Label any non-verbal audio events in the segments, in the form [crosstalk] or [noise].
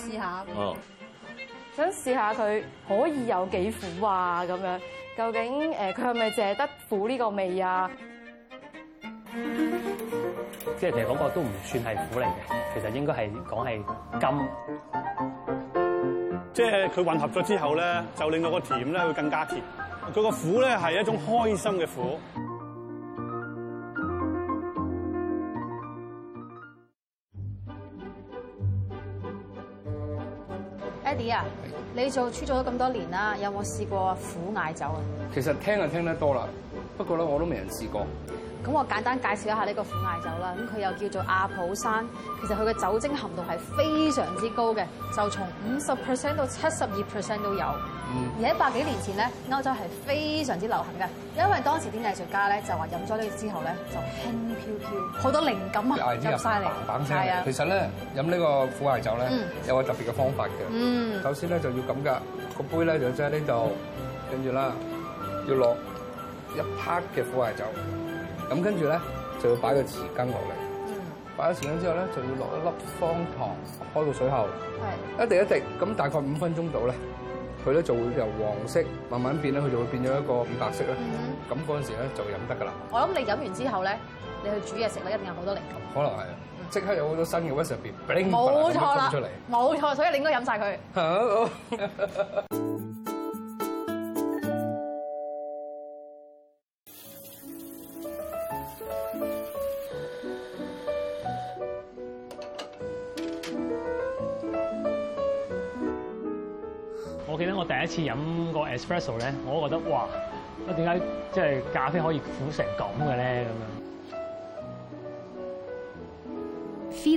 試下，oh. 想試下佢可以有幾苦啊？咁樣究竟誒，佢係咪淨係得苦呢個味啊？即係其實嗰個都唔算係苦嚟嘅，其實應該係講係甘。即係佢混合咗之後咧，就令到個甜咧會更加甜。佢個苦咧係一種開心嘅苦。你做出咗咁多年啦，有冇試過苦艾酒啊？其實聽就聽得多啦，不過咧我都未人試過。咁我簡單介紹一下呢個苦艾酒啦，咁佢又叫做阿普山，其實佢嘅酒精含度係非常之高嘅，就從五十 percent 到七十二 percent 都有。嗯。而喺百幾年前咧，歐洲係非常之流行嘅，因為當時啲藝術家咧就話飲咗呢個之後咧就輕飄飄，好多靈感啊，啞啞聲嚟，啞啞聲啊。其實咧飲呢個苦艾酒咧有個特別嘅方法嘅。嗯。首先咧就要咁㗎，個杯咧就喺呢度，跟住啦，要落一拍嘅苦艾酒。咁跟住咧，就要擺個匙羹落嚟。嗯。擺咗匙羹之後咧，就要落一粒方糖，開個水喉。係。一滴一滴，咁大概五分鐘度咧，佢咧就會由黃色慢慢變咧，佢就會變咗一個乳白色咧。嗯哼。咁嗰陣時咧就飲得㗎啦。我諗你飲完之後咧，你去煮嘢食咧一定有好多靈感。可能係，即刻有好多新嘅嘢喺上邊。冇錯啦。冇錯，所以你應該飲晒佢。記得我第一次飲個 espresso 咧，我都覺得哇，我點解即係咖啡可以苦成咁嘅咧？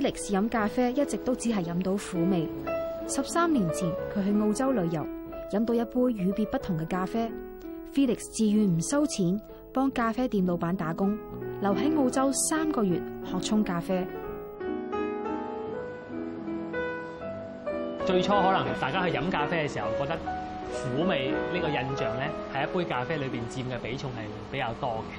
咁樣，Felix 試飲咖啡一直都只係飲到苦味。十三年前，佢去澳洲旅遊，飲到一杯與別不同嘅咖啡。Felix 自願唔收錢，幫咖啡店老闆打工，留喺澳洲三個月學沖咖啡。最初可能大家去飲咖啡嘅時候，覺得苦味呢個印象咧，喺一杯咖啡裏邊佔嘅比重係比較多嘅。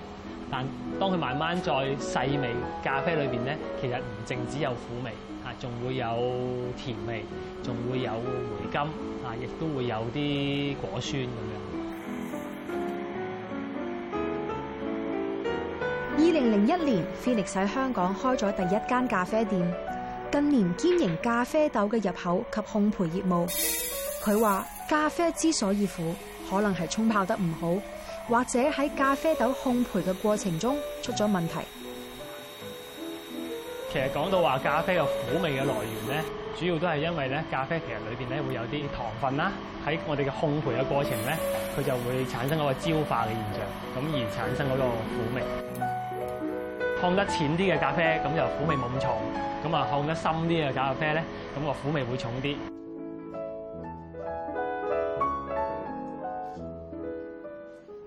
但當佢慢慢再細味咖啡裏邊咧，其實唔淨止有苦味，嚇，仲會有甜味，仲會有回甘，啊，亦都會有啲果酸咁樣年。二零零一年，Felix 喺香港開咗第一間咖啡店。近年兼營咖啡豆嘅入口及烘焙業務，佢話咖啡之所以苦，可能係沖泡得唔好，或者喺咖啡豆烘焙嘅過程中出咗問題。其實講到話咖啡嘅苦味嘅來源咧，主要都係因為咧咖啡其實裏邊咧會有啲糖分啦，喺我哋嘅烘焙嘅過程咧，佢就會產生嗰個焦化嘅現象，咁而產生嗰個苦味。烘得淺啲嘅咖啡，咁就苦味冇咁重。咁啊，烘得深啲嘅咖啡咧，咁個苦味會重啲。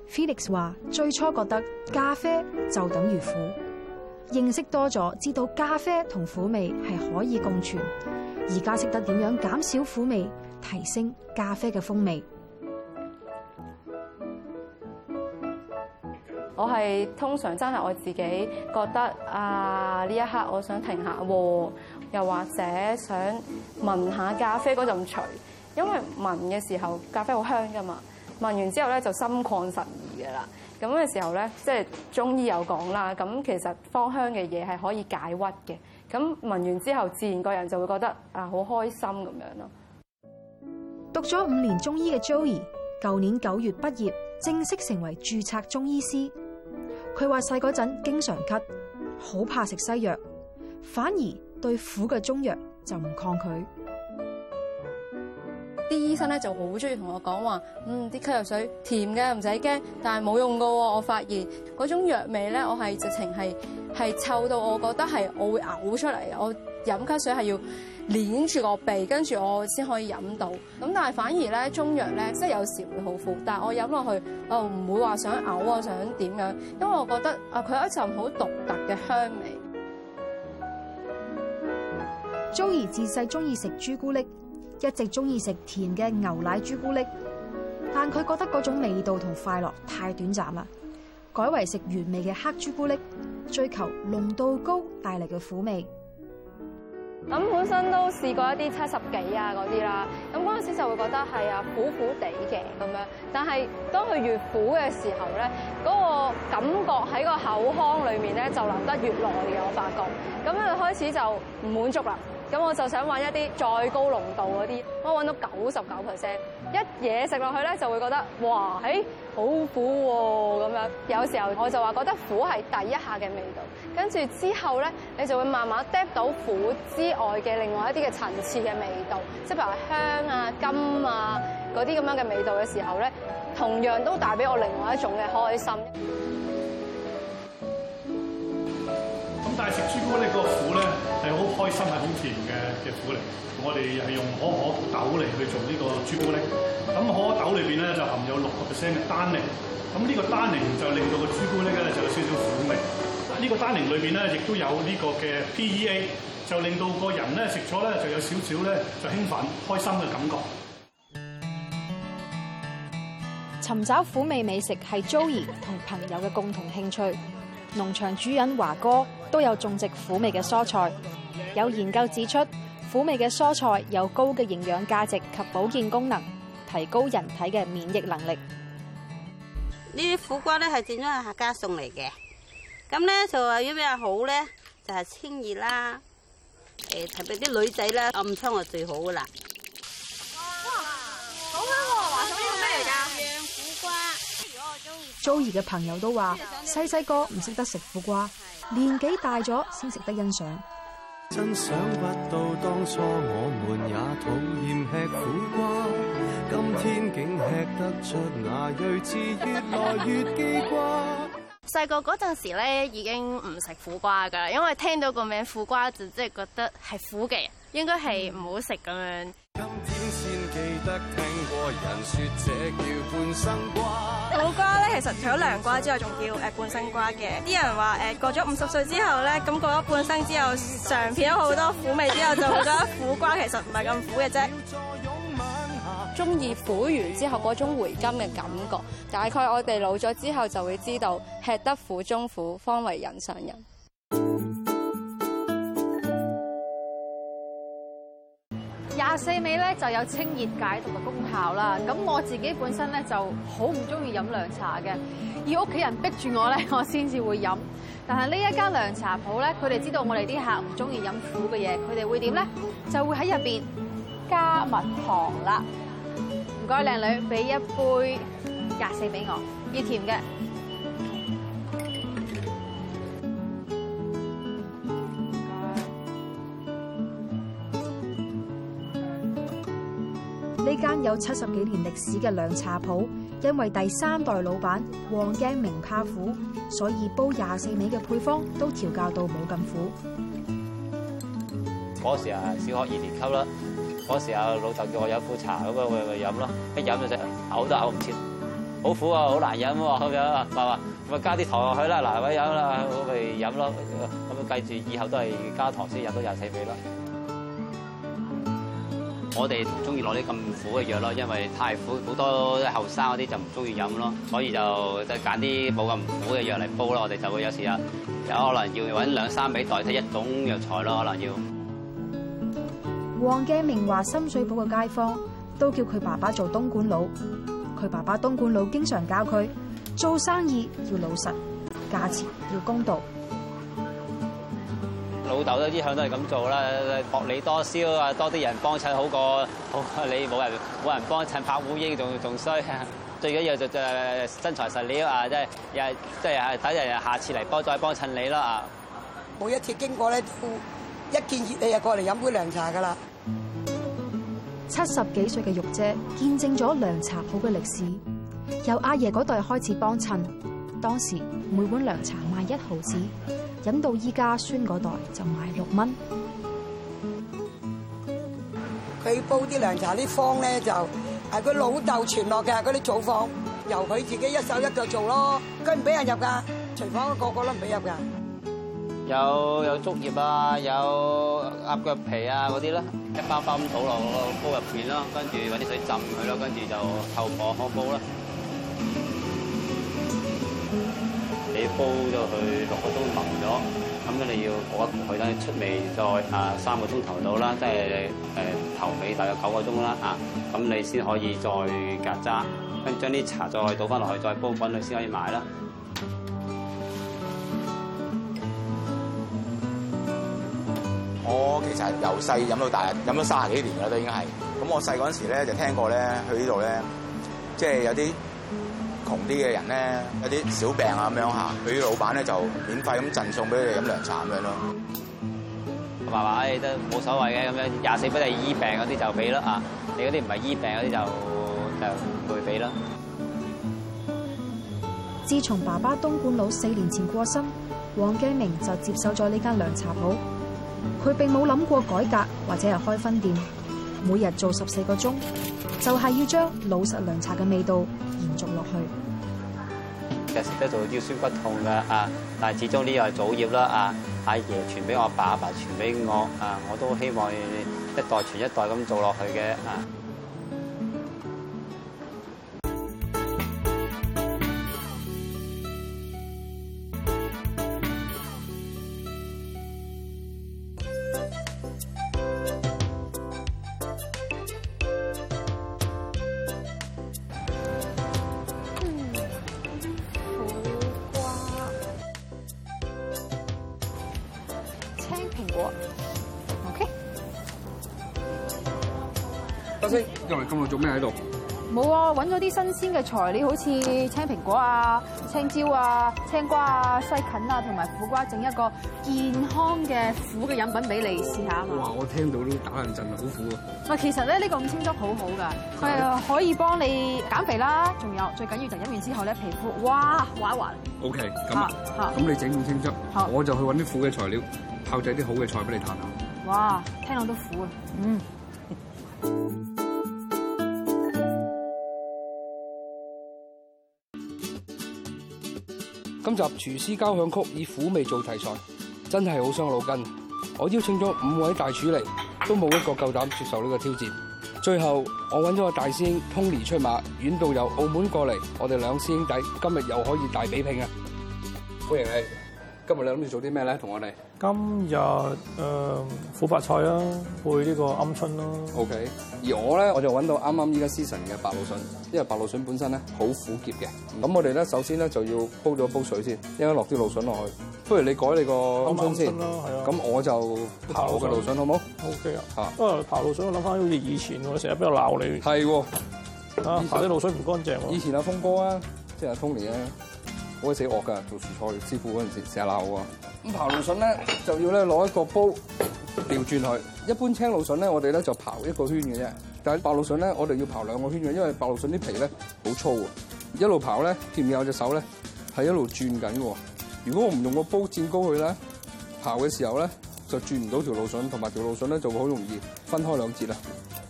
Felix 話：最初覺得咖啡就等於苦，認識多咗，知道咖啡同苦味係可以共存。而家識得點樣減少苦味，提升咖啡嘅風味。我係通常真係我自己覺得啊，呢一刻我想停下喎，又或者想聞下咖啡嗰陣除，因為聞嘅時候咖啡好香噶嘛。聞完之後咧就心曠神怡噶啦。咁嘅時候咧，即係中醫有講啦，咁其實芳香嘅嘢係可以解鬱嘅。咁聞完之後，自然個人就會覺得啊好開心咁樣咯。讀咗五年中醫嘅 Joey，舊年九月畢業，正式成為註冊中醫師。佢話細嗰陣經常咳，好怕食西藥，反而對苦嘅中藥就唔抗拒。啲醫生咧就好鍾意同我講話，嗯，啲咳藥水甜嘅唔使驚，但係冇用噶。我發現嗰種藥味咧，我係直情係係臭到我覺得係我會嘔出嚟。我飲咳水係要。捏住個鼻，跟住我先可以飲到。咁但係反而咧，中藥咧，即係有時會好苦，但係我飲落去，我唔會話想嘔啊，想點樣？因為我覺得啊，佢有一陣好獨特嘅香味。Joey 自細中意食朱古力，一直中意食甜嘅牛奶朱古力，但佢覺得嗰種味道同快樂太短暫啦，改為食原味嘅黑朱古力，追求濃度高帶嚟嘅苦味。咁本身都試過一啲七十幾啊嗰啲啦，咁嗰陣時就會覺得係啊苦苦地嘅咁樣，但係當佢越苦嘅時候咧，嗰個感覺喺個口腔裏面咧就留得越耐嘅，我發覺，咁佢開始就唔滿足啦，咁我就想搵一啲再高濃度嗰啲，我搵到九十九 percent。一嘢食落去咧，就會覺得哇，誒、哎、好苦喎、哦、咁樣。有時候我就話覺得苦係第一下嘅味道，跟住之後咧，你就會慢慢嗒到苦之外嘅另外一啲嘅層次嘅味道，即係譬如香啊、甘啊嗰啲咁樣嘅味道嘅時候咧，同樣都帶俾我另外一種嘅開心。咁但係食朱古力個苦咧？好開心係好甜嘅嘅苦嚟，我哋係用可可豆嚟去做呢個朱古力。咁可可豆裏邊咧就含有六個 percent 嘅單寧，咁呢個單寧就令到個朱古力咧就有少少苦味。呢個單寧裏邊咧亦都有呢個嘅 PEA，就令到個人咧食咗咧就有少少咧就興奮、開心嘅感覺。尋找苦味美食係 Joey 同朋友嘅共同興趣。農場主人華哥。都有種植苦味嘅蔬菜。有研究指出，苦味嘅蔬菜有高嘅營養價值及保健功能，提高人體嘅免疫能力。呢啲苦瓜咧係正宗客家餸嚟嘅，咁咧就係有咩好咧？就係清熱啦。誒，特別啲女仔啦，暗瘡係最好噶啦。哇！好香喎，話佢呢個咩嚟噶？釀苦瓜。Joey 嘅朋友都話：細細個唔識得食苦瓜。年紀大咗先值得欣賞。真想不到當初我們也討厭吃苦瓜，今天竟吃得出那睿智，越來越記掛。細個嗰陣時咧，已經唔食苦瓜㗎，因為聽到個名苦瓜就即係覺得係苦嘅，應該係唔好食咁樣。嗯。今天先記得聽過人說，這叫半生瓜。 [laughs] 其實除咗涼瓜之外，仲叫、呃、半生瓜嘅。啲人話誒、呃、過咗五十歲之後咧，咁過咗半生之後，嘗遍咗好多苦味之後，就覺得苦瓜其實唔係咁苦嘅啫。 [laughs] 中意苦完之後嗰種回甘嘅感覺。大概我哋老咗之後就會知道，吃得苦中苦，方為人上人。四味咧就有清熱解毒嘅功效啦。咁我自己本身咧就好唔中意飲涼茶嘅，要屋企人逼住我咧，我先至會飲。但係呢一間涼茶鋪咧，佢哋知道我哋啲客唔中意飲苦嘅嘢，佢哋會點咧？就會喺入邊加蜜糖啦。唔該，靚女，俾一杯廿四俾我，要甜嘅。有七十幾年歷史嘅涼茶鋪，因為第三代老闆黃鏡明怕苦，所以煲廿四味嘅配方都調教到冇咁苦。嗰時啊，小學二年級啦，嗰時候老豆叫我飲苦茶，咁啊咪咪飲咯，一飲就食嘔都嘔唔切，好苦啊，好難飲咁樣，咪話咪加啲糖落去啦，嗱咪飲啦，我咪飲咯，咁啊，跟住以後都係加糖先飲到廿四味咯。我哋唔中意攞啲咁苦嘅藥咯，因為太苦，好多後生嗰啲就唔中意飲咯，所以就即係揀啲冇咁苦嘅藥嚟煲咯。我哋就會有時又有可能要揾兩三味代替一種藥材咯，可能要。黃鏡明話：深水埗嘅街坊都叫佢爸爸做東莞佬，佢爸爸東莞佬經常教佢做生意要老實，價錢要公道。老豆都一向都係咁做啦，薄利多銷啊，多啲人幫襯好過好過你冇人冇人幫襯拍烏蠅仲仲衰，最緊要就就真材實料啊，即係又即係係睇人下次嚟幫再幫襯你啦。啊！每一次經過咧，一見熱氣就過嚟飲杯涼茶㗎啦。七十幾歲嘅玉姐，見證咗涼茶鋪嘅歷史，由阿爺嗰代開始幫襯，當時每碗涼茶賣一毫子。飲到依家酸嗰袋就賣六蚊。佢煲啲涼茶啲方咧就係佢老豆傳落嘅，佢哋祖方，由佢自己一手一腳做咯，跟住唔俾人入噶，廚房個個都唔俾入噶。有有竹葉啊，有鴨腳皮啊嗰啲啦，一包包咁倒落個煲入邊咯，跟住搵啲水浸佢咯，跟住就透火烘煲啦。煲咗佢六個鐘腍咗，咁你要過一過去咧出味再啊三個鐘頭到啦，即係誒頭尾大約九個鐘啦啊，咁你先可以再隔渣，跟住將啲茶再倒翻落去，再煲滾佢先可以賣啦。我其實由細飲到大，飲咗卅幾年啦都應該係。咁我細嗰陣時咧就聽過咧，去呢度咧，即係有啲。窮啲嘅人咧，一啲小病啊咁樣嚇，佢啲老闆咧就免費咁贈送俾佢飲涼茶咁樣咯。爸爸，都冇所謂嘅咁樣，廿四味你醫病嗰啲就俾咯啊，你嗰啲唔係醫病嗰啲就就唔會俾咯。自從爸爸東莞佬四年前過身，黃繼明就接手咗呢間涼茶鋪。佢並冇諗過改革或者係開分店，每日做十四個鐘，就係要將老實涼茶嘅味道。延續落去，其實食得做到腰酸骨痛嘅啊，但係始終呢又係祖業啦啊，阿爺傳俾我阿爸，爸，阿爸傳俾我啊，我都希望一代傳一代咁做落去嘅啊。今日咁耐做咩喺度？冇啊，揾咗啲新鮮嘅材料，好似青蘋果啊、青椒啊、青瓜啊、西芹啊，同埋苦瓜，整一個健康嘅苦嘅飲品俾你試一下哇，我聽到都打人陣，好苦啊！唔係，其實咧呢、呢個咁清汁好好噶，係可以幫你減肥啦，仲有最緊要就飲完之後咧皮膚哇滑滑。OK，咁啊，咁好你整咁清汁，好我就去揾啲苦嘅材料，泡製啲好嘅菜俾你嘆下。哇，聽落都苦啊！嗯。今集廚師交響曲以苦味做題材，真係好傷腦筋。我邀請咗五位大廚嚟，都冇一個夠膽接受呢個挑戰。最後我揾咗個大師兄通 o 出馬，遠度由澳門過嚟，我哋兩師兄弟今日又可以大比拼啊！歡迎你。今日你諗住做啲咩咧？同我哋今日誒、呃、苦白菜啦、啊，配呢個鵪春啦、啊、OK，而我咧我就揾到啱啱依家 season 嘅白露筍，因為白露筍本身咧好苦澀嘅。咁、mm hmm. 我哋咧首先咧就要煲咗煲水先，應該落啲露筍落去。不如你改你個鵪是春先啦，啊。咁先、啊、我就刨嘅露筍好唔好？OK 啊。嚇、啊，因為刨露筍我諗翻好似以前，我成日比較鬧你。係喎，嚇刨啲露筍唔乾淨喎。以前阿峰哥啊，即係阿 Tony 啊。好鬼死惡噶！做廚菜師傅嗰陣時成日鬧我。咁刨蘆筍咧，就要咧攞一個煲調轉佢。一般青蘆筍咧，我哋咧就刨一個圈嘅啫。但係白蘆筍咧，我哋要刨兩個圈嘅，因為白蘆筍啲皮咧好粗啊。一路刨咧，見唔見有隻手咧係一路轉緊㗎？如果我唔用個煲墊高佢咧，刨嘅時候咧就轉唔到條蘆筍，同埋條蘆筍咧就會好容易分開兩截啦。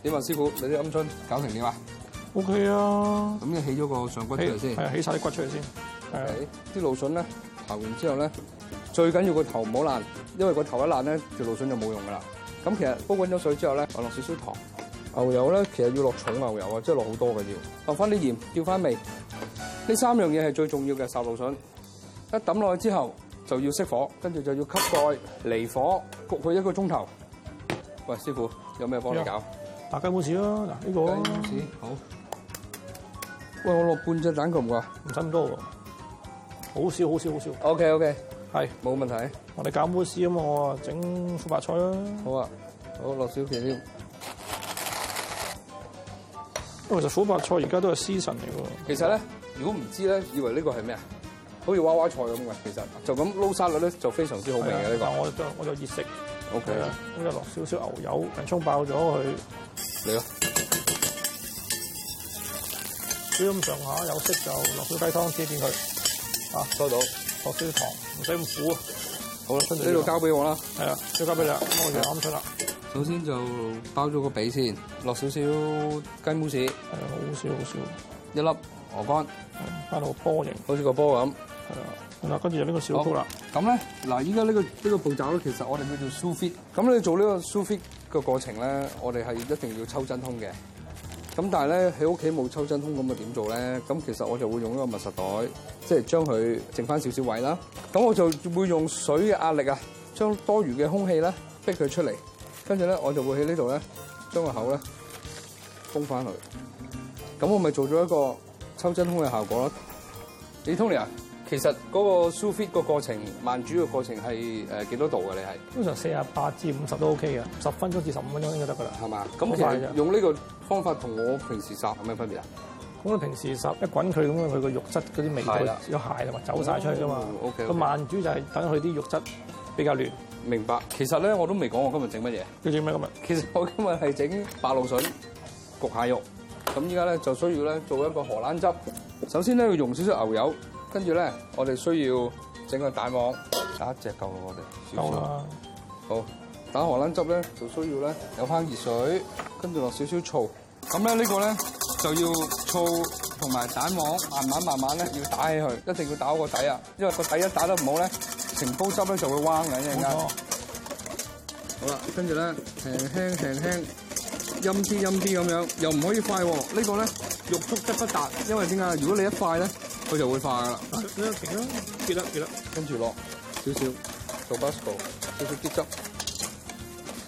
點啊，師傅，你啲鵪鶉搞成點啊？O K 啊。咁你起咗個上骨起出嚟來先。係啊，起晒啲骨出嚟先。啲蘆筍咧刨完之後咧，最緊要個頭唔好爛，因為個頭一爛咧，條蘆筍就冇用噶啦。咁其實煲滾咗水之後咧，我落少少糖，牛油咧其實要落重牛油啊，即係落好多嘅，要落翻啲鹽，調翻味。呢三樣嘢係最重要嘅，炒蘆筍一抌落去之後就要熄火，跟住就要吸蓋離火焗佢一個鐘頭。喂，師傅，有咩幫你搞？大家冇事咯，嗱、這個、呢個好。喂，我落半隻蛋夠唔夠啊？唔使咁多喎。好少好少好少。OK OK，係冇是問題。我哋搞 m u s 嘛，我整苦白菜啦，好啊，好落少少。點點其實苦白菜而家都係 season 嚟喎。其實咧，如果唔知咧，以為呢個係咩啊？好似娃娃菜咁嘅，其實就咁撈沙律咧，就非常之好味嘅呢個我。我就我就熱食。OK，咁就落少少牛油，蔥爆咗佢。嚟咯吧，燒咁上下，有色就落少少雞湯，試下佢。啊，收到，落少啲糖，唔使咁苦啊。好啦，跟住呢度交俾我啦。係啊，交俾你，咁我哋啱出啦。首先就包咗個髀先，落少少雞慕士。係啊，好少好少，一粒鵝肝，擺到個波形，好似個波咁。係啊，跟住就呢個小福啦，好。咁咧，嗱、這個，依家呢個呢個步驟咧，其實我哋叫做 Sufit。咁你做呢個 Sufit 嘅過程咧，我哋係一定要抽真空嘅。咁但係咧，喺屋企冇抽真空，咁啊點做咧？咁其實我就會用一個密實袋，即係將佢剩翻少少位啦。咁我就會用水嘅壓力啊，將多餘嘅空氣咧逼佢出嚟，跟住咧，我就會喺呢度咧，將個口咧封翻佢。咁我咪做咗一個抽真空嘅效果咯。李通利啊！其實嗰個 sous-vide 個過程，慢煮個過程係誒幾多度嘅？你係通常四十八至五十都 OK 嘅，十分鐘至十五分鐘應該得㗎啦，係嘛？咁其實用呢個方法同我平時烚有咩分別啊？我平時烚一滾佢咁啊，佢個肉質嗰啲味道的有蟹啊嘛，走晒出去㗎嘛。O K。個慢煮就係等佢啲肉質比較嫩。明白。其實咧，我都未講我今日整乜嘢。要整咩今日？其實我今日係整白蘆筍焗蟹肉。咁依家咧就需要咧做一個荷蘭汁。首先咧要用少少牛油。跟住咧，我哋需要整個蛋黃打一隻夠啦，我哋少啦。點點了好打荷蘭汁咧，就需要咧有返熱水，跟住落少少醋。咁咧呢、呢個咧就要醋同埋蛋黃慢慢慢慢咧要打起去，一定要打好個底啊！因為個底一打得唔好咧，成煲汁咧就會彎嘅，一陣間。好啦，跟住咧，輕輕輕輕，陰啲陰啲咁樣，又唔可以快喎。呢個、呢個咧欲速則不達，因為點解？如果你一快咧，佢就會化噶啦，啦停啦，結粒結粒，跟住落少少做 basco，少少啲汁，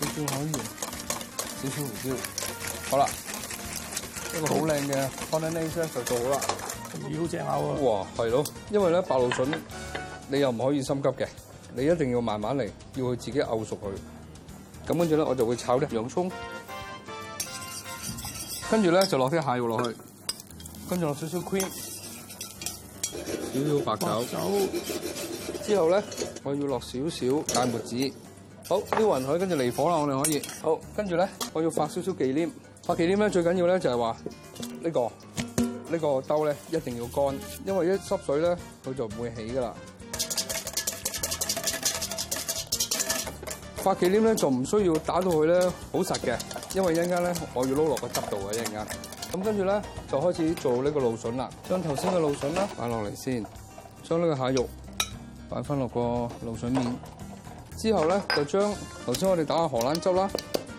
少少海鹽，少少胡椒，好啦，一個好靚嘅 convenience 就做好啦，魚好正口啊！哇，係咯，因為咧白蘆筍你又唔可以心急嘅，你一定要慢慢嚟，要佢自己漚熟佢。咁跟住咧，我就會炒啲洋葱，跟住咧就落啲蟹肉落去，跟住落少少 cream。少少白酒，之後咧，我要落少少芥末子。好，呢匀海跟住離火啦，我哋可以。好，跟住咧，我要發少少忌廉。發忌廉咧，最緊要咧就係話呢個呢、呢個兜咧一定要乾，因為一濕水咧，佢就唔會起噶啦。發忌廉咧就唔需要打到佢咧好實嘅，因為一陣間咧我要撈落個汁度啊，一陣間。咁跟住咧，就開始做呢個露筍啦。將頭先嘅露筍咧擺落嚟先，將呢個蟹肉擺翻落個露筍面。之後咧，就將頭先我哋打嘅荷蘭汁啦，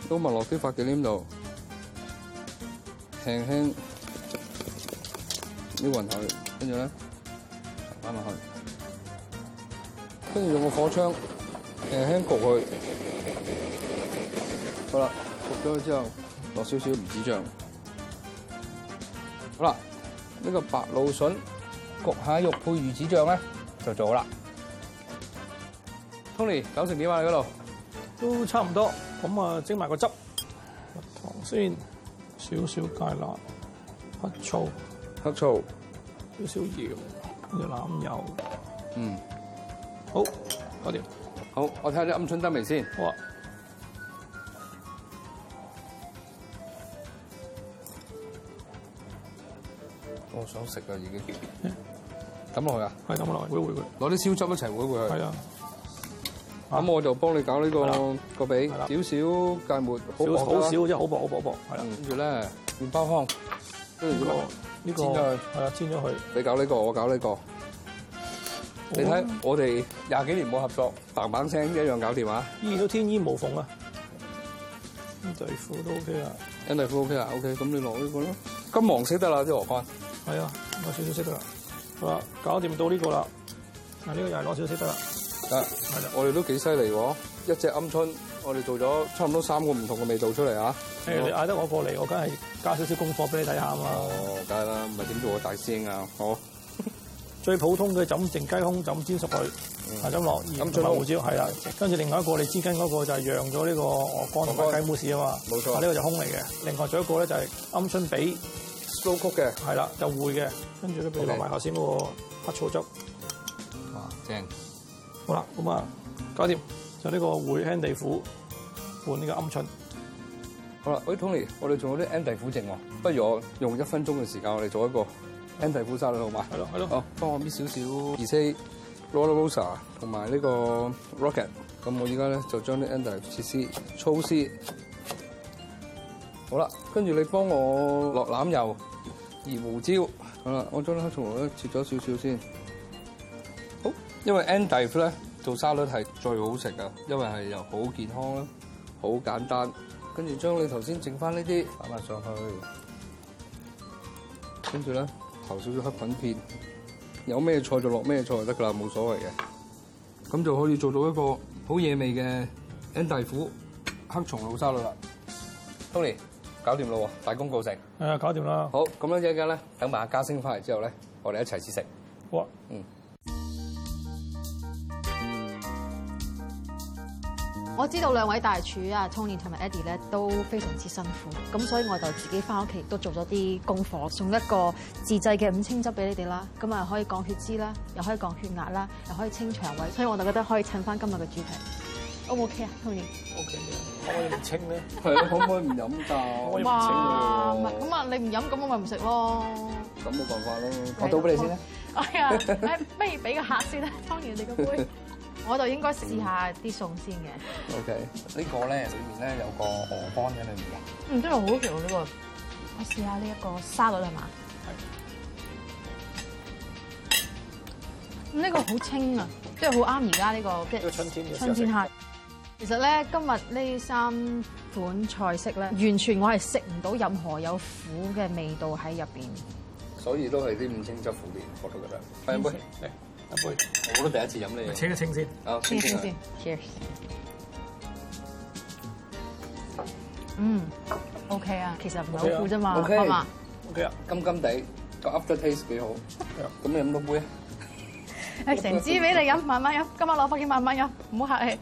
撈埋落啲發嘅忌廉度，輕輕撈匀佢，跟住咧擺埋去，跟住用個火槍輕輕焗佢。好啦，焗咗佢之後，落少少魚子醬。好啦，呢、這個白露筍焗蟹肉配魚子醬咧，就做好啦。Tony，搞成點啊？你嗰度都差唔多。咁啊，整埋個汁，蜜糖先，少少芥辣，黑醋，黑醋草，少少鹽，橄欖油。油嗯，好，搞掂，好，我睇下啲鵪鶉得未先。好啊。我想食啊！已經抌落去啊，係抌落去，攪一攪佢，攞啲燒汁一齊攪一攪佢。係啊，咁我就幫你搞呢個，個俾少少芥末，好薄啊，好少，即係好薄好薄薄。係啦，跟住咧，麪包糠，跟住呢個呢個，係啦，煎咗佢。你搞呢個，我搞呢個。你睇我哋廿幾年冇合作，砰砰聲一樣搞掂啊！依然都天衣無縫啊！底褲都 OK 啦，底褲 OK 啦，OK。咁你攞呢個咯，金黃色得啦，啲鵝肝。係啊，攞少少食得啦。好啦，搞掂到呢個啦。嗱，呢個又係攞少少得啦。啊，係啦，我哋都幾犀利喎。一隻鵪鶉，我哋做咗差唔多三個唔同嘅味道出嚟啊。你嗌得我過嚟，我梗係加少少功課俾你睇下啊嘛。哦，梗係啦，唔係點做我大師兄啊。好。最普通嘅就咁整雞胸，就煎熟佢，就咁落鹽同辣椒，係啦。跟住另外一個，你煎緊嗰個就係揚咗呢個鵝肝同埋雞慕斯啊嘛。冇錯。呢個就胸嚟嘅。另外仲有一個咧就係鵪鶉髀。Low 曲嘅，係啦，就會嘅，跟住咧，譬如落埋頭先嗰個黑醋汁。哇，正！好啦，咁啊，搞掂就呢個會 endive，換呢個鵪鶉。好啦，喂 Tony，我哋仲有啲 endive 剩喎，不如我用一分鐘嘅時間，我哋做一個 endive 沙律。好嘛？係咯，係咯，好，幫我搣少少，而且 Roller Rosa 同埋呢個 Rocket，咁我依家咧就將啲 endive 切絲，粗絲好啦，跟住你幫我落攬油。而胡椒，好啦，我將黑松露切咗少少先，好，因為 endive 呢，咧做沙律係最好食㗎，因為係又好健康啦，好簡單，跟住將你頭先整翻呢啲擺埋上去，跟住咧，投少少黑粉片，有咩菜就落咩菜就得噶啦，冇所謂嘅，咁就可以做到一個好惹味嘅 endive 黑松露沙律啦，Tony。搞掂咯，大功告成。係啊、嗯，搞掂啦。好，咁樣一陣間咧，等埋阿嘉升翻嚟之後咧，我哋一齊試食。哇，嗯。我知道兩位大廚啊，聰聰同埋 Eddie 咧都非常之辛苦，咁所以我就自己翻屋企都做咗啲功課，送一個自製嘅五青汁俾你哋啦。咁啊可以降血脂啦，又可以降血壓啦，又可以清腸胃，所以我就覺得可以襯翻今日嘅主題。O 唔 O K 啊，湯圓，okay, okay. oh。O K 啊，可唔可以唔清咧？係咯，可唔可以唔飲啖？哇！咁啊，你唔飲咁我咪唔食咯。咁冇辦法啦。我倒俾你先啦。哎呀，不如俾個客先啦，湯圓你個杯。我就應該試下啲餸先嘅。O K，呢個咧裏面咧有個河蚌喺裏面嘅。嗯，真係好食喎呢個。我試下呢一個沙律係嘛？係。呢個好清啊，真係好啱而家呢個即係春天春天。其實咧，今日呢三款菜式咧，完全我係食唔到任何有苦嘅味道喺入邊。所以都係啲唔清汁苦啲，我都覺得。翻一杯嚟一杯，我都第一次飲呢嘢。清一清先。嗯，OK 啊，其實唔係好苦啫嘛，啱嘛。OK 啊，甘甘哋，個 after taste 幾好。咁你飲多杯啊？成支俾你飲，慢慢飲。今晚攞翻去慢慢飲，唔好客氣。